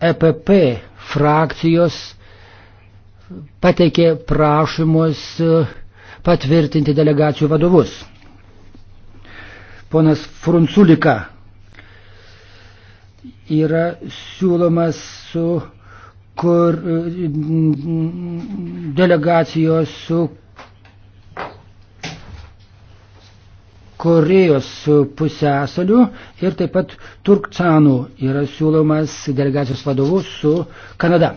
EPP frakcijos pateikė prašymus e, patvirtinti delegacijų vadovus. Ponas Frunculika yra siūlomas su kur delegacijos su Korejos pusėsaliu ir taip pat Turkcanų yra siūlomas delegacijos vadovu su Kanada.